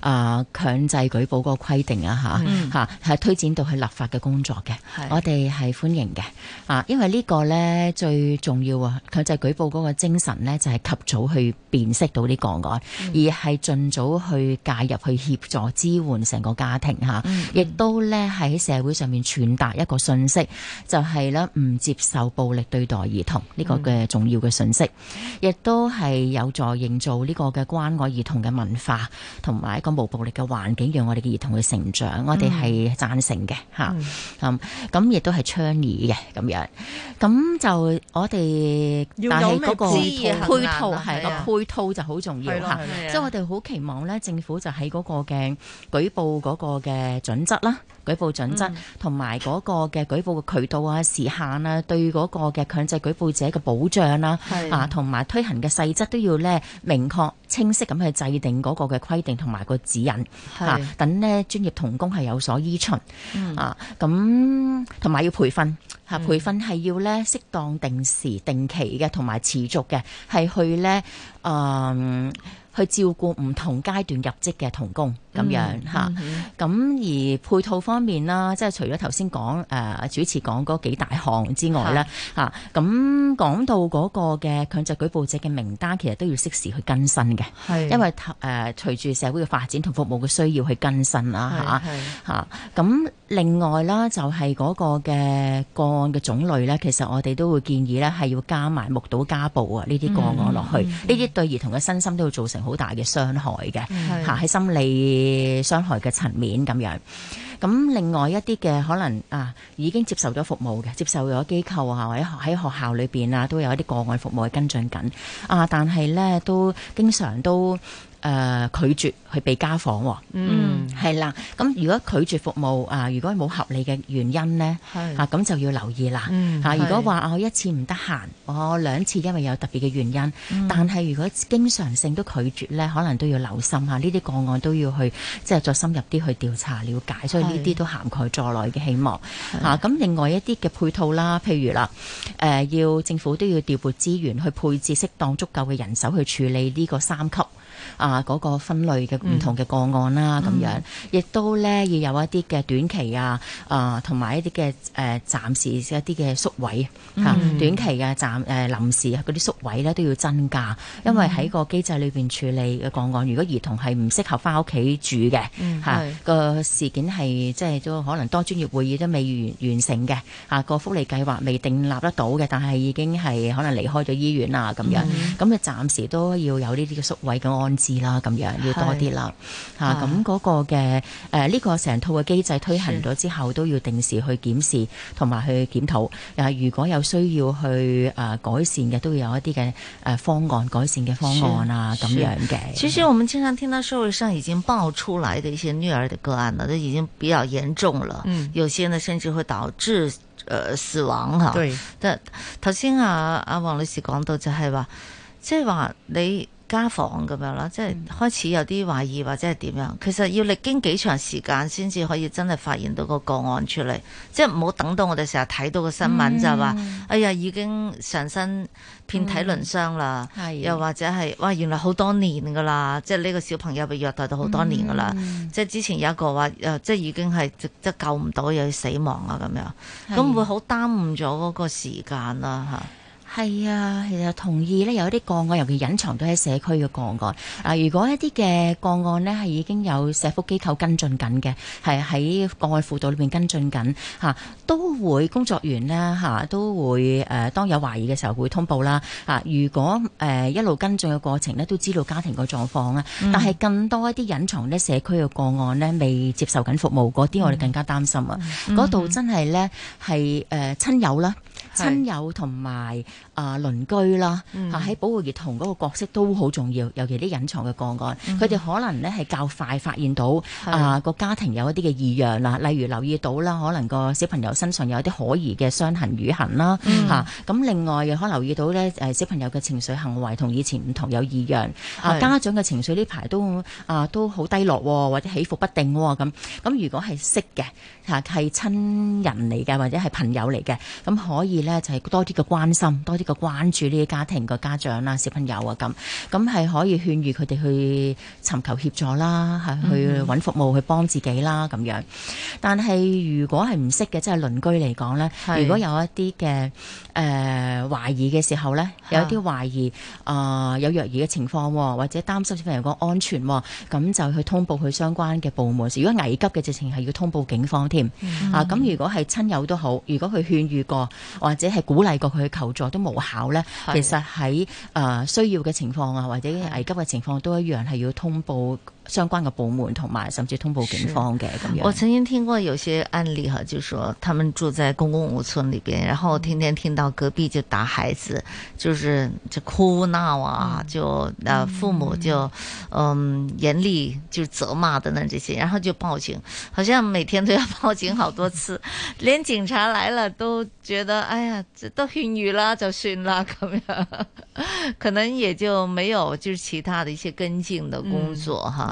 啊、呃！強制舉報個規定啊，嚇嚇係推展到去立法嘅工作嘅，係、我哋係歡迎嘅啊！因為呢個呢個咧最重要啊，強制舉報嗰個精神咧就係、係、及早去辨識到呢個案，嗯、而係盡早去介入去協助支援成個家庭嚇，亦、啊嗯、都咧喺社會上面傳達一個信息，就係咧唔接受暴力對待兒童呢、呢個嘅重要嘅信息，亦、嗯、都係有助營造呢個嘅關愛兒童嘅文化同。同埋一個無暴力嘅環境，讓我哋嘅兒童去成長，我哋係贊成嘅嚇。咁咁亦都係倡議嘅咁樣。咁就我哋，但係嗰個配套係個配套就好重要嚇。即係我哋好期望咧，政府就喺嗰個嘅舉報嗰個嘅準則啦。舉報準則同埋嗰個嘅舉報嘅渠道啊、時限啊，對嗰個嘅強制舉報者嘅保障啦，啊，同埋推行嘅細則都要咧，明確清晰咁去制定嗰個嘅規定同埋個指引，啊，等呢專業同工係有所依循，啊，咁同埋要培訓，嚇、啊、培訓係要咧適當定時定期嘅同埋持續嘅，係去咧，嗯、呃。去照顧唔同階段入職嘅童工咁、嗯、樣嚇，咁、嗯、哼而配套方面啦，即係除咗頭先講誒主持講嗰幾大項之外咧嚇，咁是、啊、講到嗰個嘅強制舉報者嘅名單，其實都要適時去更新嘅，係是因為誒、呃、隨住社會嘅發展同服務嘅需要去更新啦嚇，嚇、啊、咁、啊、另外啦，就係嗰個嘅個案嘅種類咧，其實我哋都會建議咧係要加埋目睹家暴啊呢啲個案落去，呢啲、嗯、哼對兒童嘅身心都會造成。好大嘅傷害嘅，嚇，喺心理傷害嘅層面咁樣，咁、嗯、另外一啲嘅可能啊已經接受咗服務嘅，接受咗機構啊，或者喺學校裏邊啊，都有一啲個案服務嘅跟進緊啊，但係呢，都經常都。誒、呃、拒絕去俾家訪、哦，嗯，係啦。咁如果拒絕服務啊，如果冇合理嘅原因呢，係啊，咁就要留意啦嚇。如果話我一次唔得閒，我兩次因為有特別嘅原因，嗯、但係如果經常性都拒絕呢，可能都要留心下。呢啲個案都要去即係再深入啲去調查了解，是所以呢啲都涵蓋在內嘅希望嚇。咁是、啊、另外一啲嘅配套啦，譬如啦，呃、要政府都要調撥資源去配置適當足夠嘅人手去處理呢個三級。啊，嗰個分類嘅唔同嘅個案啦，咁、嗯、樣亦都咧要有一啲嘅短期啊，啊同埋一啲嘅誒暫時一啲嘅宿位吓，嗯、短期嘅暫誒臨時啊，啲宿位咧都要增加，因為喺個機制裏邊處理嘅個案，嗯、如果兒童係唔適合返屋企住嘅吓、嗯啊、個事件係即係都可能多專業會議都未完完成嘅嚇、啊，個福利計劃未訂立得到嘅，但係已經係可能離開咗醫院啊咁樣咁啊暫時都要有呢啲嘅宿位嘅安置。啦，咁樣要多啲啦，吓咁嗰個嘅誒，呢、呃這個成套嘅機制推行咗之後，是都要定時去檢視，同埋去檢討，又、啊、係如果有需要去誒、呃、改善嘅，都要有一啲嘅誒方案改善嘅方案啊，咁樣嘅。其實我們經常聽到社會上已經爆出來的一些虐兒的個案啦，都已經比較嚴重了，嗯、有些呢甚至會導致誒、呃、死亡，吓對，對、啊，頭先阿阿黃女士講到就係話，即係話你。家訪咁樣啦，即係開始有啲懷疑或者係點樣？其實要歷經幾長時間先至可以真係發現到個個案出嚟，即係唔好等到我哋成日睇到個新聞就話，哎呀，已經上身遍體鱗傷啦，嗯、是又或者係哇，原來好多年噶啦，即係呢個小朋友被虐待到好多年噶啦，嗯、即係之前有一個話，誒即係已經係即係救唔到又要死亡啊咁樣，咁的會好耽誤咗嗰個時間啦吓。係啊，其實、啊、同意咧，有一啲個案，尤其隱藏都喺社區嘅個案。啊，如果一啲嘅個案呢，係已經有社福機構跟進緊嘅，係喺個案輔導裏面跟進緊、啊、都會工作員呢，啊、都會誒、呃，當有懷疑嘅時候會通報啦、啊。如果、呃、一路跟進嘅過程呢，都知道家庭嘅狀況啊。嗯、但係更多一啲隱藏咧，社區嘅個案呢，未接受緊服務嗰啲，我哋更加擔心啊。嗰度、嗯嗯、真係呢，係誒、呃、親友啦。親友同埋啊鄰居啦，嚇喺、嗯、保護兒童嗰個角色都好重要，尤其啲隱藏嘅個案，佢哋、嗯、可能咧係較快發現到是啊個家庭有一啲嘅異樣啦，例如留意到啦，可能個小朋友身上有一啲可疑嘅傷痕瘀痕啦，嚇咁、嗯啊、另外又可留意到咧誒、啊、小朋友嘅情緒行為同以前唔同有異樣，是啊家長嘅情緒呢排都啊都好低落、哦，或者起伏不定喎、哦、咁，咁如果係識嘅。係係親人嚟嘅，或者係朋友嚟嘅，咁可以咧就係、是、多啲嘅關心，多啲嘅關注呢啲家庭個家長啦、啊、小朋友啊，咁咁係可以勸喻佢哋去尋求協助啦，嚇去揾服務去幫自己啦咁樣。但係如果係唔識嘅，即、就、係、是、鄰居嚟講咧，是如果有一啲嘅誒懷疑嘅時候咧，有一啲懷疑啊、呃、有虐兒嘅情況、啊，或者擔心小朋友個安全、啊，咁就去通報去相關嘅部門。如果危急嘅直情係要通報警方。添啊！咁、嗯、如果係親友都好，如果佢勸喻過或者係鼓勵過佢求助都無效咧，其實喺需要嘅情況啊，或者危急嘅情況都一樣係要通報。相關嘅部門同埋甚至通報警方嘅咁樣。我曾經聽過有些案例哈，就是、說他們住在公共屋村裏邊，然後天天聽到隔壁就打孩子，就是就哭鬧啊，嗯、就啊、嗯、父母就嗯，嗯嚴厲就責罵等等這些，然後就報警，好像每天都要報警好多次， [laughs] 連警察來了都覺得哎呀，這都暈雨啦，就算啦咁樣，可能也就沒有就是其他的一些跟進的工作、嗯、哈。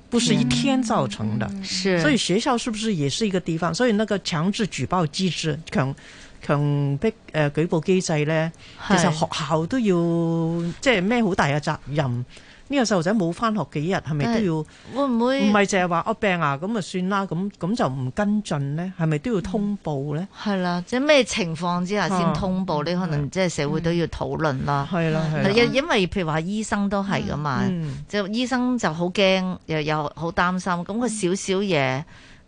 不是一天造成的，嗯、所以學校是不是也是一個地方？所以那個強制舉報機制，強強迫誒舉報機制呢，是其實學校都要即係咩好大嘅責任。呢個細路仔冇返學幾日，係咪都要？是會唔會唔係淨係話我病啊？咁啊算啦，咁咁就唔跟進咧？係咪都要通報咧？係啦，即係咩情況之下先通報咧？啊、可能即係社會都要討論啦。係啦係啦，因為譬如話醫生都係㗎嘛，嗯、就醫生就好驚，又又好擔心。咁個少少嘢，咁、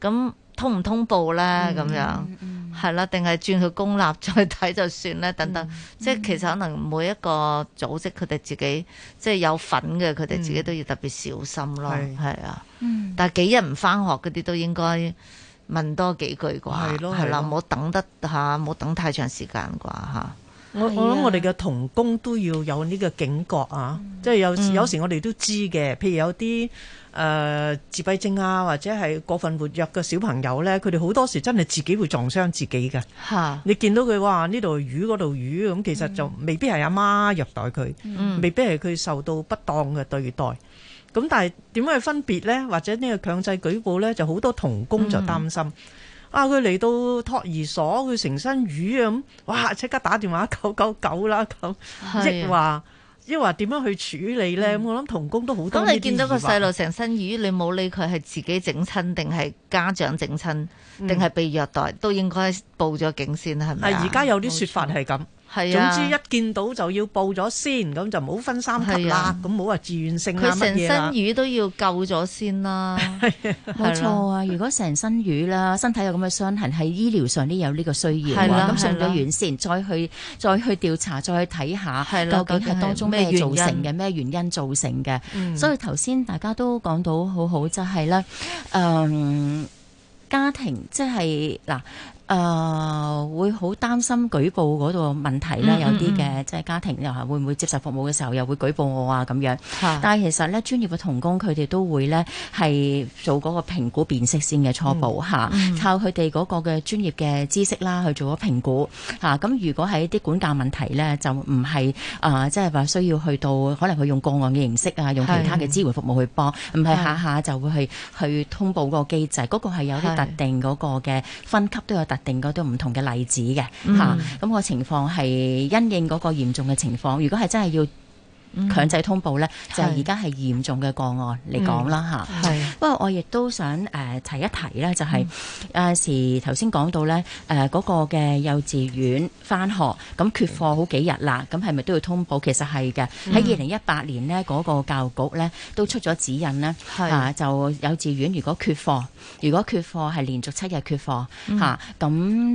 嗯、通唔通報咧？咁、嗯、樣。係啦，定係轉去公立再睇就算咧。等等，嗯、即係其實可能每一個組織，佢哋、嗯、自己即係有份嘅，佢哋自己都要特別小心咯。係啊、嗯，的嗯、但係幾日唔翻學嗰啲都應該問多幾句啩，係啦，唔好的等得吓，唔、啊、好等太長時間啩吓。啊我我諗我哋嘅童工都要有呢個警覺啊！是啊，即係有、嗯、有時我哋都知嘅，譬如有啲誒、呃、自閉症啊，或者係過分活躍嘅小朋友咧，佢哋好多時真係自己會撞傷自己嘅。嚇、啊！你見到佢哇呢度淤，嗰度淤，咁其實就未必係阿媽虐待佢，嗯、未必係佢受到不當嘅對待。咁、嗯、但係點樣去分別咧？或者呢個強制舉報咧，就好多童工就擔心。嗯啊！佢嚟到托兒所，佢成身魚啊咁，哇！即刻打電話九九九啦咁，即話即話點樣去處理咧？咁、嗯、我諗童工都好多。當你見到個細路成身魚，你冇理佢係自己整親定係家長整親，定係被虐待，都應該報咗警先啦，係咪啊？而家有啲説法係咁。係，啊、總之一見到就要報咗先，咁就唔好分三級啦，咁冇話自願性啊乜嘢啦。佢成身魚都要救咗先啦，冇 [laughs] 錯啊！ [laughs] 如果成身魚啦，身體有咁嘅傷痕，喺醫療上都有呢個需要啊。咁上到院先，再去再去調查，再去睇下、啊、究竟係當中咩造成嘅咩、啊、原，原因造成嘅。嗯、所以頭先大家都講到好好，就係、是、啦、嗯、家庭即係嗱。就是誒、呃、會好擔心舉報嗰個問題咧，嗯嗯嗯有啲嘅即係家庭又嚇會唔會接受服務嘅時候又會舉報我啊咁樣。是但係其實咧專業嘅同工佢哋都會咧係做嗰個評估辨識先嘅初步嚇，靠佢哋嗰個嘅專業嘅知識啦去做咗評估嚇。咁、啊、如果喺啲管教問題咧，就唔係啊，即係話需要去到可能佢用個案嘅形式啊，用其他嘅支援服務去幫，唔係是下下就會去是去通報嗰個機制，嗰、那個係有啲特定嗰個嘅分級是都有特定特定嗰啲唔同嘅例子嘅吓，咁、嗯嗯個情況係因應嗰個嚴重嘅情況，如果係真係要。強制通報咧，嗯、就係而家係嚴重嘅個案嚟講啦嚇。嗯、是不過我亦都想誒提一提咧，就係有陣時頭先講到咧誒嗰個嘅幼稚園返學咁缺課好幾日啦，咁係咪都要通報？其實係嘅。喺二零一八年呢嗰個教育局咧都出咗指引咧，是啊就幼稚園如果缺課，如果缺課係連續七日缺課嚇，咁、嗯啊、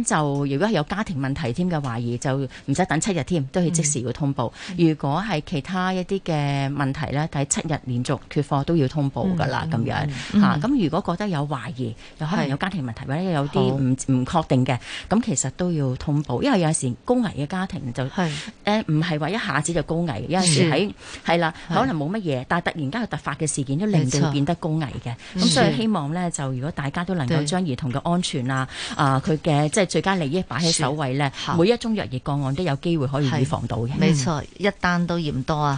就如果係有家庭問題添嘅懷疑，就唔使等七日添，都要即時要通報。嗯、如果係其他，一啲嘅問題咧，喺七日連續缺課都要通報㗎喇，咁樣吓。咁如果覺得有懷疑，有可能有家庭問題，或者有啲唔唔確定嘅，咁其實都要通報。因為有陣時高危嘅家庭就係誒，唔係話一下子就高危，有陣時喺係啦，可能冇乜嘢，但係突然間有突發嘅事件都令到變得高危嘅。咁所以希望咧，就如果大家都能夠將兒童嘅安全啊，啊佢嘅即係最佳利益擺喺首位咧，每一宗虐兒個案都有機會可以預防到嘅。冇錯，一單都嫌多啊！